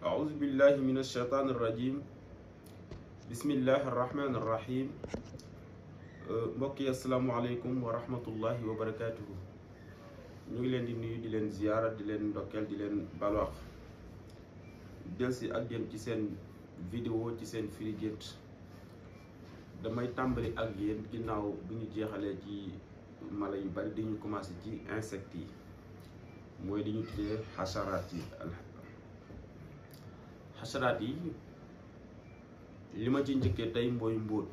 أعوذ بالله من الشيطان الرجيم بسم الله الرحمن الرحيم mbokk yi asalaamaaleykum wa rahmatullahi wa barakaatuhu ñu ngi leen di nuyu di leen ziyaara di leen ndokkeel di leen balwaax delsi ak yéen ci seen vidéo ci seen firi gént damay tàmbali ak yéen ginnaaw bi ñu jeexalee ci mala yu bari dañu commencé ci insect yi mooy di ñu tuddee xasaraat yi xasaraat yi li ma ci njëkkee tey mooy mbóot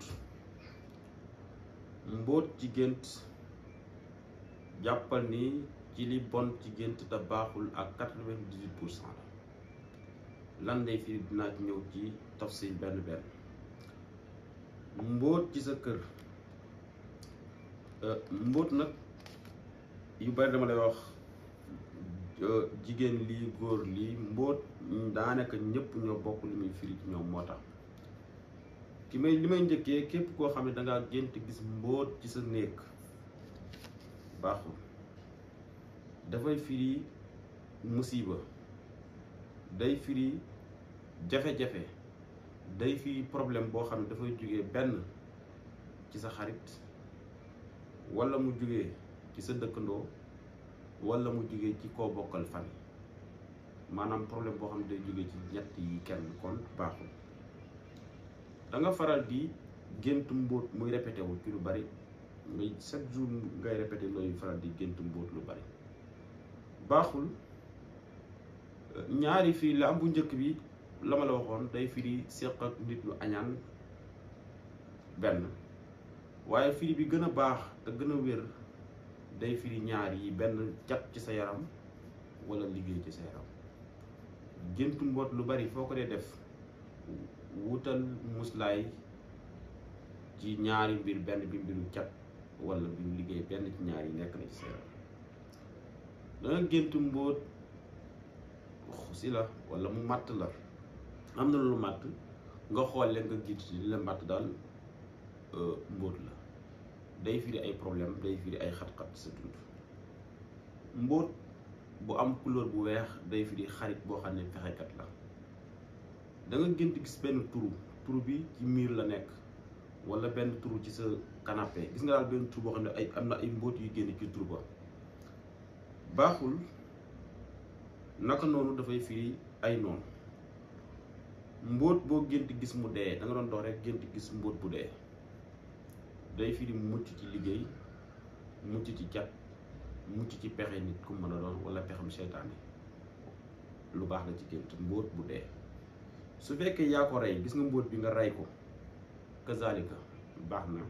mbóot ci gént jàppal ni ci li bon ci gént te baaxul ak quatre-vingt-dix-huit pour cent ci ñëw ci benn benn mbóot ci sa kër euh, mbóot nag yu bari dama lay wax jigéen lii góor lii mbóot daanaka ñëpp ñoo bokk li muy firi ci ñoom moo tax ki may li may njëkkee képp koo xam ne da ngaa gént gis mbóot ci sa néeg baaxul dafay firi musiba day firi jafe-jafe day firi problème boo xam ne dafay jóge benn ci sa xarit walla mu jóge ci sa dëkkandoo wala mu jugee ci koo bokkal fan maanaam problème boo xam ne day jógee ci ñett yi kenn kon baaxul da nga faral di géntu mbóot muy répété wu ci lu bari ngay chaque jour ngay répété looy faral di géntu mbóot lu bari baaxul ñaari fii la am bu njëkk bi la la waxoon day firi séq ak nit lu añaan benn waaye firi bi gën a baax te gën a wér day firi ñaar yi benn cat ci sa yaram walla liggéey ci sa yaram géntu mboot lu bari foo ko dee def wutal muslaay ci ñaari mbir benn bi mbiru cat wala mbiru liggéey benn ci ñaar yi nekk na ci sa yaram danga géntu mboot si la wala mu matt la am na lu matt nga xool leen nga gis li la matt daal euh, mbóot la day firi ay problème day firi ay xat-xat sa dund mbóot bu am couleur bu weex day firi xarit boo xam ne fexekat la da nga gént gis benn turu turu bi ci miir la nekk wala benn turu ci sa canapé gis nga daal benn turu boo xam ne ay am na ay mbóot yu génn ci turu ba baaxul naka noonu dafay firi ay noonu mbóot boo gént gis mu dee danga doon dox rek gént gis mbóot bu dee day firi mucc ci liggéey mucc ci cat mucc ci pexe nit ku mën a doon wala pexam seytaane lu baax na ci gént mbóot bu dee su fekkee yaa ko rey gis nga mbóot bi nga rey ko kazalika baax na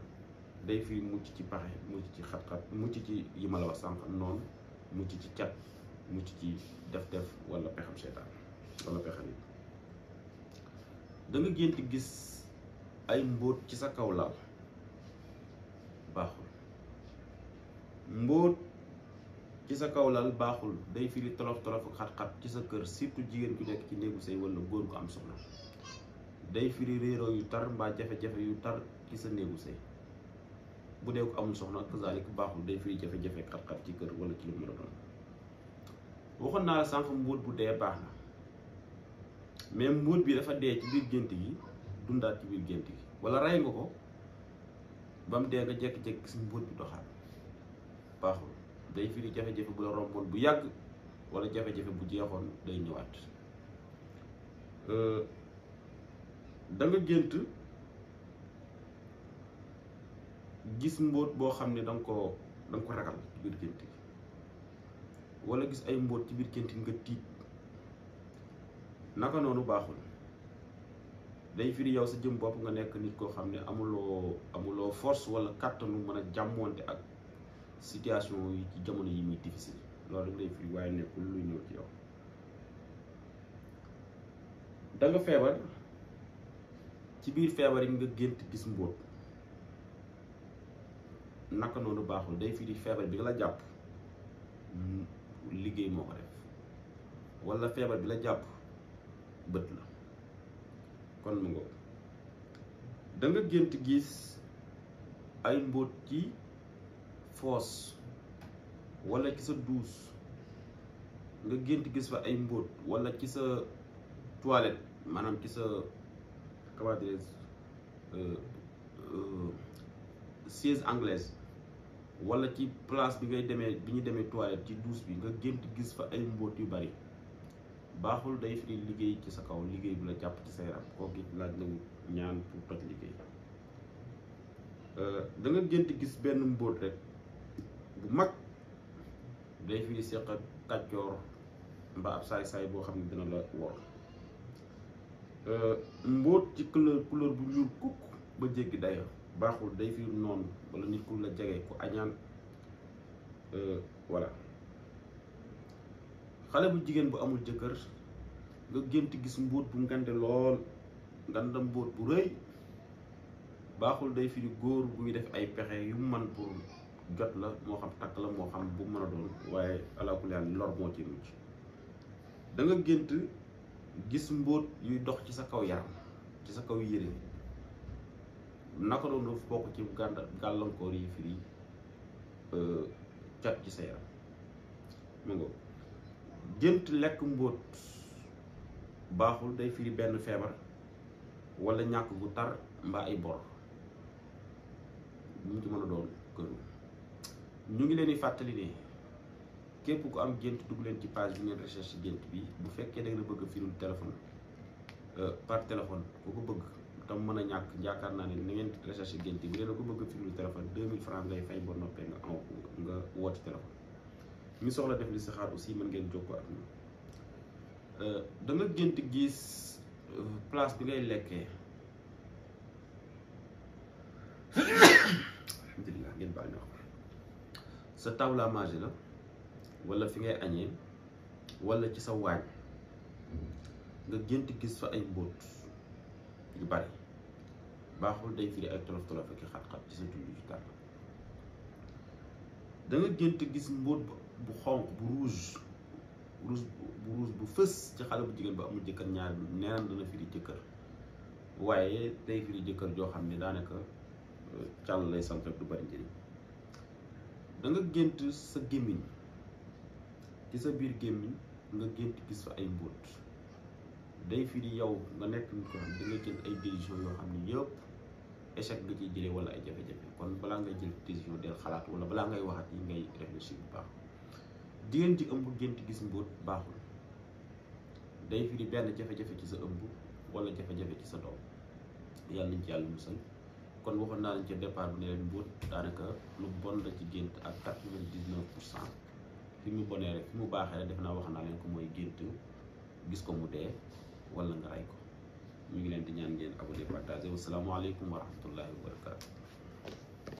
day firi mucc ci paxe mucc ci xat-xat mucc ci yi ma sànq noonu mucc ci cat mucc ci def-def walla pexam seytaane wala pexe nit da gént gis ay mbóot ci sa kaw laal baaxul mbóot ci sa kaw lal baaxul day firi tolof tolof ak xat-xat ci sa kër surtout jigéen ku nekk ci néegu say wala góor gu am soxna day firi réeroo yu tar mbaa jafe-jafe yu tar ci sa néegu say bu dee ko amul soxna kazaalik baaxul day firi jafe-jafe xat-xat ci kër wala ci lu mën a doon naa la sànq mbóot bu dee baax na mais mbóot bi dafa dee ci biir gént gi dundaat ci biir gént gi wala rey nga ko ba mu dee nga jékki-jékki gis mbóot bi doxaat baaxul day firi jafe-jafe bu la romboon bu yàgg wala jafe-jafe bu jeexoon day ñëwaat euh, da gént gis mbóot boo xam ne danga nga ko da ko ragal ci biir gént gi wala gis ay mbóot ci biir gént gi nga tiit naka noonu baaxul day firi yow sa jëm bopp nga nekk nit koo xam ne amuloo amuloo force wala kàttanu mën a jàmmoonte ak situation yi ci jamono yi muy difficile loolu rek lu ñëw ci yow da feebar ci biir feebar yi nga gént gis mbóot naka noonu baaxul day firi feebar bi nga la jàpp liggéey moo ko def wala feebar bi la jàpp bët la kon mu ngo da gént gis ay mbóot ci foos wala ci sa duus nga gént gis fa ay mbóot walla ci sa toilette maanaam ci sa comment dire euh, euh, siège anglaise walla ci place bi ngay demee bi ñu demee toilette ci douche bi nga gént gis fa ay mbóot yu bari baaxul day firi liggéey ci sa kaw liggéey bu la jàpp ci sa yaram kooku it laaj la ñaan pour toj liggéey euh, da nga gis benn mbóot rek bu mag day firi seq ak kàccoor mbaa ab saay-saay boo xam ne dina la wor euh, mbóot ci couleur couleur bu ñuul kukk ba jéggi dayo baaxul day firi noonu wala nit ku la jege ku añaan euh, voilà xale bu jigéen bu amul jëkkër nga gént gis mbóot bu ngande lool ngandam mbóot bu rëy baaxul day firi góor buy def ay pexe yu man pour jot la moo xam takk la moo xam bu mën a doon waaye alaakul yàlla lor moo ci mucc da gént gis mbóot yuy dox ci sa kaw yaram ci sa kaw yére naka doon dafa bokk ci gànd gàllankoor yi firi euh, cat ci sa yaram mu ngo gént lekk mbóot baaxul day firi benn feebar wala ñàkk bu tar mbaa ay bor mu ci mën a doon këru ñu ngi leen di fàttali ne képp ku am gént dugg leen ci page bi ngeen recherche gént bi bu fekkee da nga bëgg a firul téléphone euh, par téléphone ku ko bëgg tam mën a ñàkk yaakaar naa ne na ngeen recherche gént yi bu leen ko bëgg a firul téléphone 2000 francs ngay fay ba noppee nga am nga woote téléphone ñu soxla def listixaar aussi mën ngeen jokkoo ak ñun euh, da nga gént gis euh, place bi ngay lekkee alhamdulilah ngeen baal ñu wax sa table à manger la wala fi ngay añee walla ci sa waañ nga gént gis fa ay mbóot yu bari baaxul day firi ay tolof tolof ak xat-xat ci sa dund yu tàgg da gént gis mbóot bu xonq bu rouge rouge bu fës ci xale bu jigéen ba amul jëkkër ñaar neenam dana firi jëkkër waaye day firi jëkkër joo xam ne daanaka euh, càll lay sant rek du bari njëriñ da gént sa gémmiñ ci sa biir gémmiñ nga gént gis fa ay mbóot day firi yow nga nekk ni ko xam da nga jël ay décision yoo xam ne yëpp échec nga ciy jëlee wala ay jafe-jafe kon balaa ngay jël décision del xalaat wala balaa ngay waxat yi ngay si bu baax jigéen ji ëmb gént gis mbóot baaxul day firi benn jafe-jafe ci sa ëmb wala jafe-jafe ci sa doom yàlla nañ ci yàlla musal kon waxoon naa lañ ca départ bu ne leen mbóot daanaka lu bon la ci gént ak quatre-vingt-dix-neuf pour cent fi mu bonee rek fi mu baaxee rek def naa wax naa leen ko mooy gént gis ko mu dee wala nga rey ko ñu ngi leen di ñaan ngeen abonné partagé wassalaamu aleykum wa rahmatullahi wa barakatu